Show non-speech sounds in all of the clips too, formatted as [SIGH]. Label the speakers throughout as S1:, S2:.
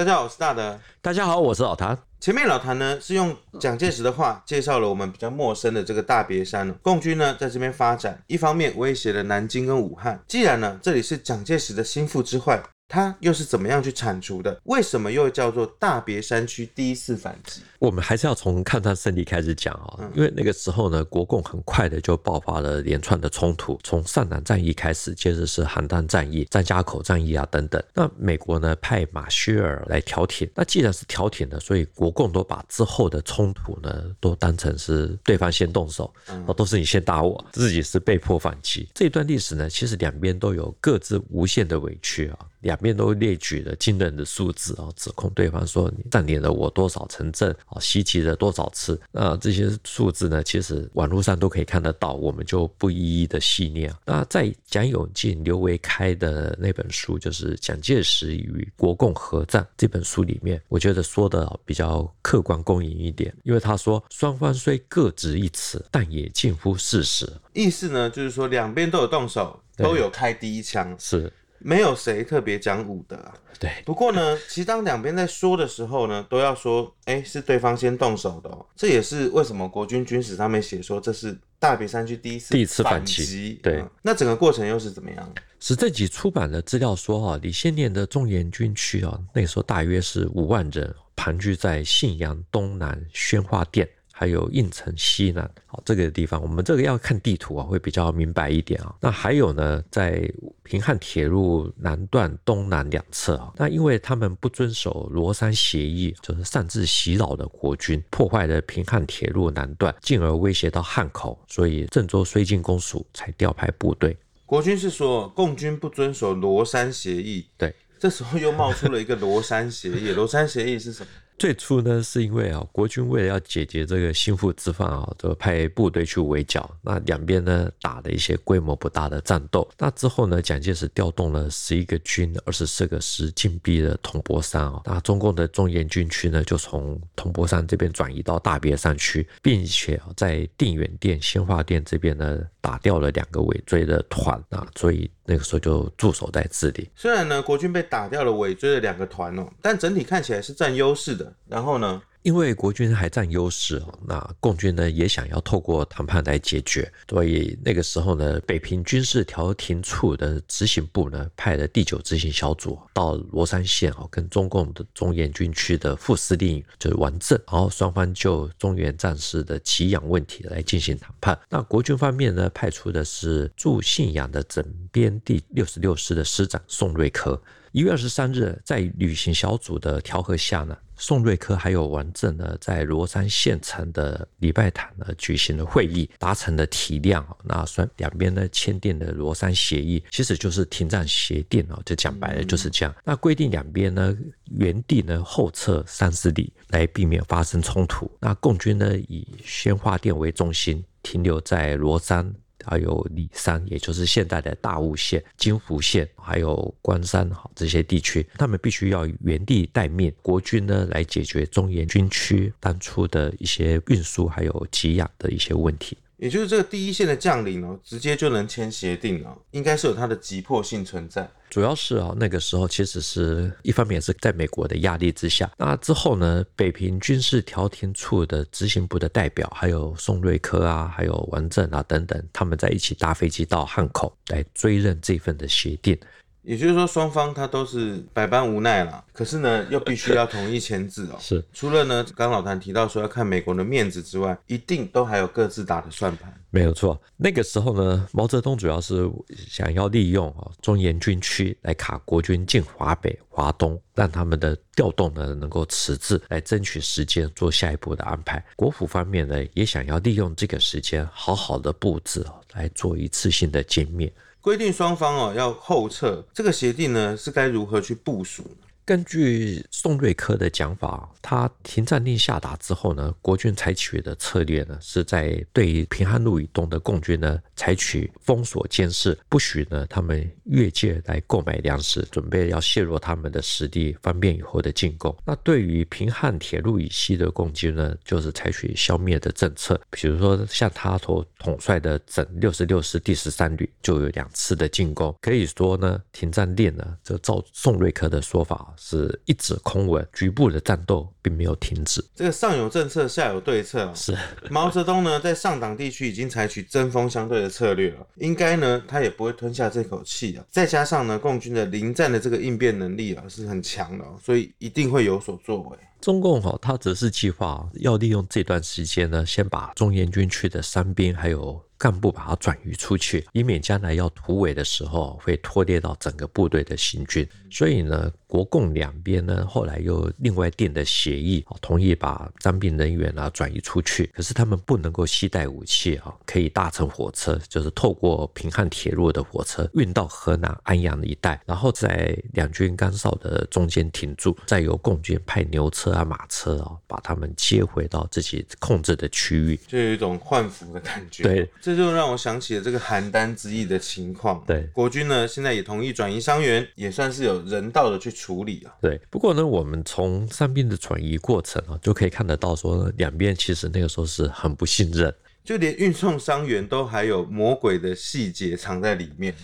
S1: 大家好，我是大德。大家好，我是老譚。前面老譚呢是用蔣介石的話介紹了我們比較陌生的這個大別山，共軍呢在這邊發展，一方面威脅了南京跟武漢。既然呢這裡是蔣介石的心腹之患。它又是怎麼樣去鏟除的？為什麼又叫做大別山區第一次反擊？
S2: 我們還是要從抗戰勝利開始講哦、嗯，因為那個時候呢，國共很快的就爆發了連串的衝突，從上黨戰役開始，接着是邯鄲戰役、張家口戰役啊等等。那美國呢派馬歇爾來調停，那既然是調停的，所以國共都把之後的衝突呢都當成是對方先動手，哦、嗯、都是你先打我，自己是被迫反擊。這一段歷史呢，其實兩邊都有各自無限的委屈啊、哦。兩邊都列舉了驚人的數字啊，指控對方說你佔領了我多少城鎮啊，襲擊了多少次。那這些數字呢，其實網絡上都可以看得到，我們就不一一的細念。那在蔣永敬、劉維開的那本書，就是《蔣介石與國共和戰》這本書裡面，我覺得說的比較客觀公允一點，因為他說雙方雖各執一詞，但也近乎事實。
S1: 意思呢，就是說兩邊都有動手，都有開第一槍，是。沒有誰特別講武德啊。對。不過呢，其實當兩邊在說的時候呢，都要說，哎，是對方先動手的，哦。這也是為什麼國軍軍史上面寫說，這是大別山區第一次反擊，第一次反擊。對，嗯。那整個過程又是怎麼樣？
S2: 史政吉出版的資料說啊，李先念的中原軍區啊，那時候大約是五萬人，盤踞在信陽東南宣化店。還有應城西南，好這個地方，我們這個要看地圖啊，會比較明白一點啊。那還有呢，在平漢鐵路南段東南兩側啊，那因為他們不遵守羅山協議，就是擅自襲擾了國軍，破壞了平漢鐵路南段，進而威脅到漢口，所以鄭州綏靖公署才調派部隊。
S1: 國軍是說，共軍不遵守羅山協議。對，這時候又冒出了一個羅山協議。 [LAUGHS] 羅山協議是什麼？
S2: 最初呢，是因為啊、哦，國軍為了要解決這個心腹之患啊、哦，就派部隊去圍剿。那兩邊呢打了一些規模不大的戰鬥。那之後呢，蔣介石調動了十一個軍、二十四個師，進逼了桐柏山啊、哦。那中共的中原軍區呢，就從桐柏山這邊轉移到大別山區，並且在定遠店、宣化店這邊呢，打掉了兩個尾追的團啊，所以。那個時候就駐守在這裡。
S1: 雖然呢，國軍被打掉了尾追的兩個團哦，但整體看起來是佔優勢的。然後呢，
S2: 因為國軍還佔優勢哦，那共軍呢也想要透過談判來解決，所以那個時候呢，北平軍事調停處的執行部呢派了第九執行小組到羅山縣哦，跟中共的中原軍區的副司令就是王震，然後雙方就中原戰事的給養問題來進行談判。那國軍方面呢派出的是駐信陽的整。邊第六十六師的師長宋瑞珂，一月二十三日在旅行小組的調和下呢，宋瑞珂還有王震呢，在羅山縣城的禮拜堂呢舉行了會議，達成了體諒。那雙兩邊呢簽訂了羅山協議，其實就是停戰協定哦，就講白了就是這樣。那規定兩邊呢原地呢後撤三十里，來避免發生衝突。那共軍呢以宣化店為中心，停留在羅山。還有禮山，也就是現在的大悟縣、金湖縣，還有關山這些地區，他們必須要原地待命。國軍呢，來解決中原軍區當初的一些運輸還有給養的一些問題。
S1: 也就是這個第一線的將領哦，直接就能簽協定哦，應該是有它的急迫性存在。
S2: 主要是啊、哦，那個時候其實是一方面也是在美國的壓力之下。那之後呢，北平軍事調停處的執行部的代表，還有宋瑞珂啊，還有王震啊等等，他們在一起搭飛機到漢口來追認這份的協定。
S1: 也就是說，雙方他都是百般無奈了，可是呢，又必須要同意簽字哦是是，除了呢，剛老譚提到說要看美國的面子之外，一定都還有各自打的算盤。
S2: 沒有錯，那個時候呢，毛澤東主要是想要利用啊、哦、中原軍區來卡國軍進華北、華東，讓他們的調動呢能夠遲滯，來爭取時間做下一步的安排。國府方面呢，也想要利用這個時間好好的佈置、哦，來做一次性的殲
S1: 滅。規定雙方啊要後撤，這個協定呢是該如何去部署？
S2: 根據宋瑞珂的講法，他停戰令下達之後呢，國軍採取的策略呢，是在對於平漢路以東的共軍呢，採取封鎖監視，不許呢他們越界來購買糧食，準備要削弱他們的實力，方便以後的進攻。那對於平漢鐵路以西的共軍呢，就是採取消滅的政策。比如說像他所統帥的整六十六師第十三旅就有兩次的進攻，可以說呢，停戰令呢，這照宋瑞珂的說法。是一紙空文，局部的戰鬥並沒有停止。
S1: 這個上有政策，下有對策、哦、是 [LAUGHS] 毛澤東呢，在上黨地區已經採取針鋒相對的策略了、哦，應該呢，他也不會吞下這口氣啊、哦。再加上呢，共軍的臨戰的這個應變能力啊、哦，是很強的、哦，所以一定會有所作為。
S2: 中共哈，他則是計劃要利用這段時間呢，先把中原軍區的傷兵還有幹部把它轉移出去，以免將來要突圍的時候會拖累到整個部隊的行軍。所以呢，國共兩邊呢，後來又另外訂的協議，同意把傷病人員啊轉移出去，可是他們不能夠攜帶武器啊，可以搭乘火車，就是透過平漢鐵路的火車運到河南安陽一帶，然後在兩軍崗哨的中間停住，再由共軍派牛車。拉馬車啊、哦，把他們接回到自己控制的區域，
S1: 就有一種換俘的感覺。對，這就讓我想起了這個邯鄲之役的情況。對，國軍呢現在也同意轉移傷員，也算是有人道的去處理了、哦。
S2: 對，不過呢，我們從上邊的轉移過程啊、哦，就可以看得到說，兩邊其實那個時候是很不信任，
S1: 就連運送傷員都還有魔鬼的細節藏在裡面。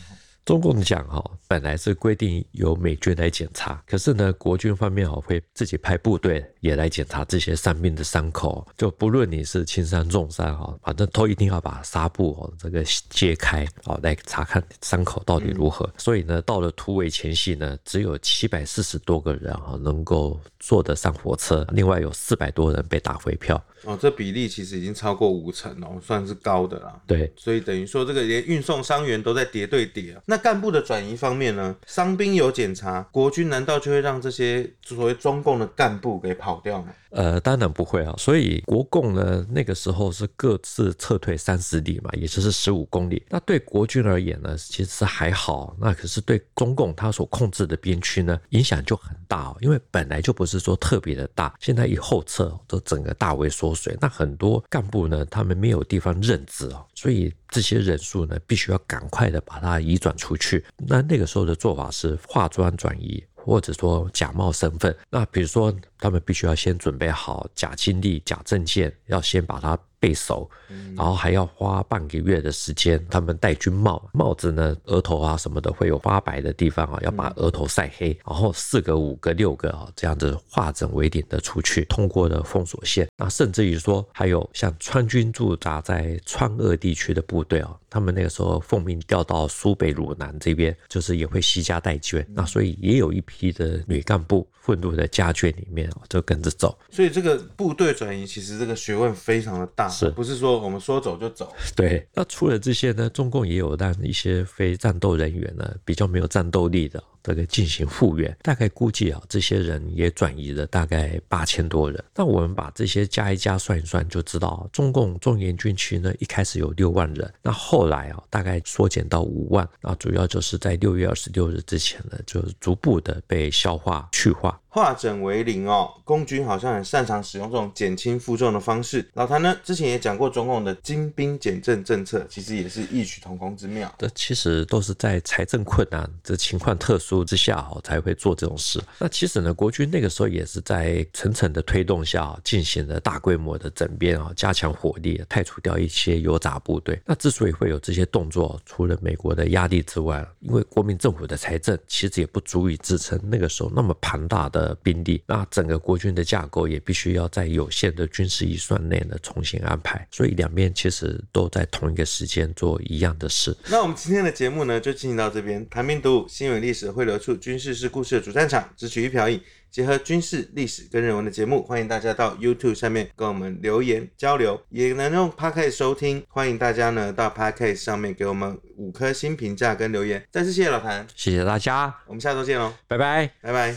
S2: 中共講哈，本來是規定由美軍來檢查，可是呢，國軍方面哦會自己派部隊也來檢查這些傷兵的傷口，就不論你是輕傷重傷哈，反正都一定要把紗布哦這個揭開哦來查看傷口到底如何。嗯。所以呢，到了突圍前夕呢，只有七百四十多個人哈能夠坐得上火車，另外有四百多人被打回票。
S1: 哦，這比例其實已經超過五成哦，算是高的啦。對，所以等於說這個連運送傷員都在諜對諜。幹部的轉移方面呢，傷兵有檢查，國軍難道就會讓這些所謂中共的幹部給跑掉嗎？
S2: 呃，當然不會啊、哦。所以國共呢，那個時候是各自撤退三十里嘛，也就是十五公里。那對國軍而言呢，其實還好。那可是對中共他所控制的邊區呢，影響就很大、哦。因為本來就不是說特別的大，現在一後撤，都整個大為縮水。那很多幹部呢，他們沒有地方任職啊、哦，所以這些人數呢，必須要趕快的把它移轉出。出去，那那個時候的做法是化妝轉移，或者說假冒身份。那比如說，他們必須要先準備好假經歷、假證件，要先把它。背熟，然後還要花半個月的時間、嗯。他們戴軍帽，帽子呢，額頭啊什麼的會有發白的地方啊、哦，要把額頭曬黑。嗯、然後四個、五個、六個啊、哦，這樣子化整為零的出去，通過的封鎖線。那甚至於說，還有像川軍駐紮在川鄂地區的部隊啊、哦，他們那個時候奉命調到蘇北、魯南這邊，就是也會攜家帶眷、嗯。那所以也有一批的女幹部混入的家眷裡面哦，就跟着走。
S1: 所以這個部隊轉移，其實這個學問非常的大。是不是說我們說走就走？
S2: 對，那除了這些呢，中共也有讓一些非戰鬥人員呢，比較沒有戰鬥力的這個進行復員。大概估計啊，這些人也轉移了大概八千多人。那我們把這些加一加算一算，就知道中共中原軍區呢，一開始有六萬人，那後來啊，大概縮減到五萬。那主要就是在六月二十六日之前呢，就逐步的被消化去化。
S1: 化整為零哦，共軍好像很擅長使用這種減輕負重的方式。老譚呢，之前也講過，中共的精兵簡政政策，其實也是異曲同工之妙。這其
S2: 實都是在財政困難、這情況特殊之下哦，才會做這種事。那其實呢，國軍那個時候也是在層層的推動下，進行了大規模的整編啊，加強火力，汰除掉一些油炸部隊。那之所以會有這些動作，除了美國的壓力之外，因為國民政府的財政其實也不足以支撐那個時候那麼龐大的。的兵力，那整個國軍的架構也必須要在有限的軍事預算內呢重新安排，所以兩邊其實都在同一個時間做一樣的事。
S1: 那我們今天的節目呢，就進行到這邊，譚兵讀武，新聞歷史匯流處，軍事是故事的主戰場，只取一瓢飲，結合軍事歷史跟人文的節目，歡迎大家到 YouTube 下面跟我們留言交流，也能用 Podcast 收聽。歡迎大家呢到 Podcast 上面給我們五顆星評價跟留言。再次謝謝老譚，謝謝大家，我們下周見嘍，拜拜，拜拜。